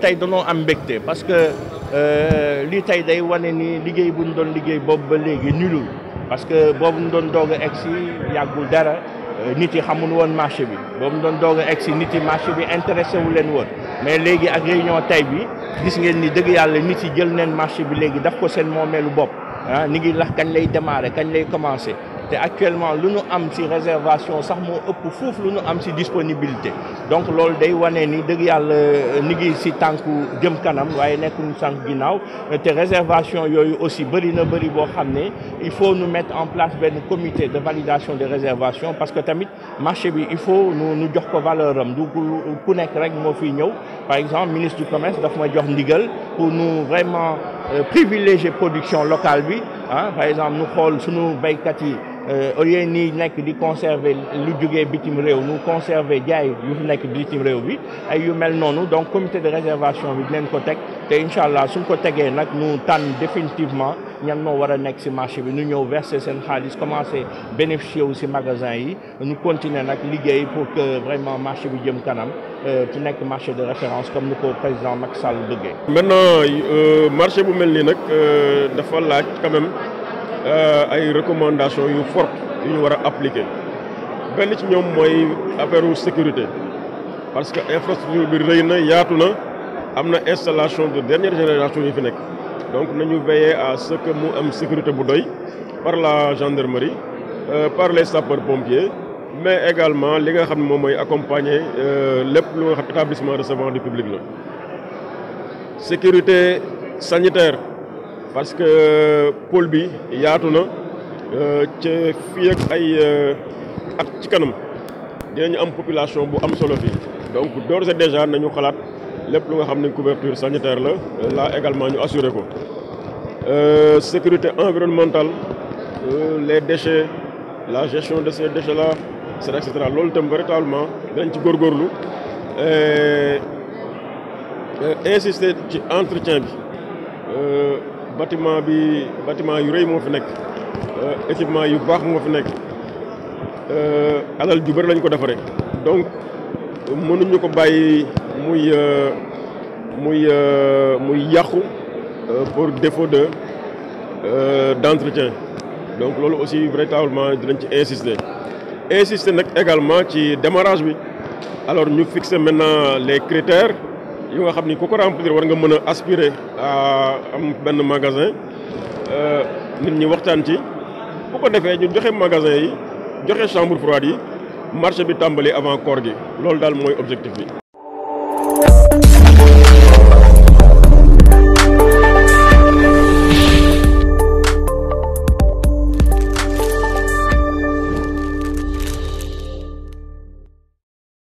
tey danoo am mbégte parce que euh, lii tey day wane ni liggéey bu ñu doon liggéey boobu ba léegi nulul parce que boobu ñu doon doog a egg si yàggul dara euh, nit yi xamul woon marché bi boobu ñu doon doog a egg si nit yi marché bi intéressé wu leen woon mais léegi ak réunion tey bi gis ngeen ni dëgg yàlla nit yi jël neen marché bi léegi daf ko seen moomeelu bopp ah ni ngi lax kañ lay démarrer kañ lay commencer. actuellement nous avons am ci réservation sax moo ëpp fouf, lu ñu am ci disponibilité donc loolu day wane ni qui euh, nous ni ngi ci tànku jëm kanam waaye réservation aussi bëri na il faut nous mettre en place un comité de validation des réservations parce que tamit marché bi il faut nous nous jox ko valeur du ku rek par exemple ministre du commerce daf ma jox ndigal pour nous vraiment euh, privilégier production locale bi hein. par exemple nous xool nos béykat yi euh, au lieu nii di conserver lu jógee bitim rew nu conserver jaay yu fi nek bitim rew bi ay yu mel noonu donc comité de réservation bi dinañ ko tek te inshallah allah suñ ko tegee nak nu tan définitivement ñan moo wara nek ci marché bi nu ñew verser sen xaalis commencer bénéficier aussi si magasin yi nu continuer nak liggéey pour que vraiment marché bi jëm kanam euh, ci nek marché de référence comme ni ko président Macky Sall bëggé maintenant euh, marché bu melni nak nag dafa laaj quand même des euh, recommandations fortes fort yu ñu war appliquer Nous ci faire une sécurité parce que l'infrastructure de rëy est y installation de dernière génération donc fi devons donc veiller à ce que mu am sécurité bu doy par la gendarmerie euh, par les sapeurs pompiers mais également les gars qui accompagnent moom euh, accompagner recevant du public sécurité sanitaire parce que euh, pôle bi yaatu euh ci fi ak ay euh, ak ci kanam dinañu am population bu am solo donc d'ores et déjà nañu xalat lepp lu nga xamné couverture sanitaire la là également ñu assurer ko euh, sécurité environnementale les déchets la gestion de ces déchets là c'est etc. loolu itam véritablement dinañ ci euh insister ci entretien bi bâtiment bi bâtiment yu reuy mo fi nek euh équipement yu bax mo fi nek euh alal ju bëri lañ ko defaree donc ñu ko bayyi muy euh, muy euh, muy yàqu euh, pour défaut de d'entretien donc lolu aussi véritablement dinañ ci insister insister nak également ci démarrage bi alors ñu fixer maintenant les critères yi nga xam ni ku ko remplir war nga mën a aspirer à am benn magasin euh, nit ñi waxtaan ci bu ko defee ñu joxe magasin yi joxe chambre froide yi marché bi tàmbali avant koor gi loolu daal mooy objectif bi.